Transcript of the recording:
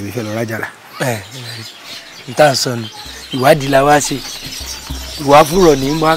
èmi fẹ́ lọ rájà la. ẹ n tà sọ ni ìwádìí la wá ṣe ìwà fúrọ̀ ní mọ́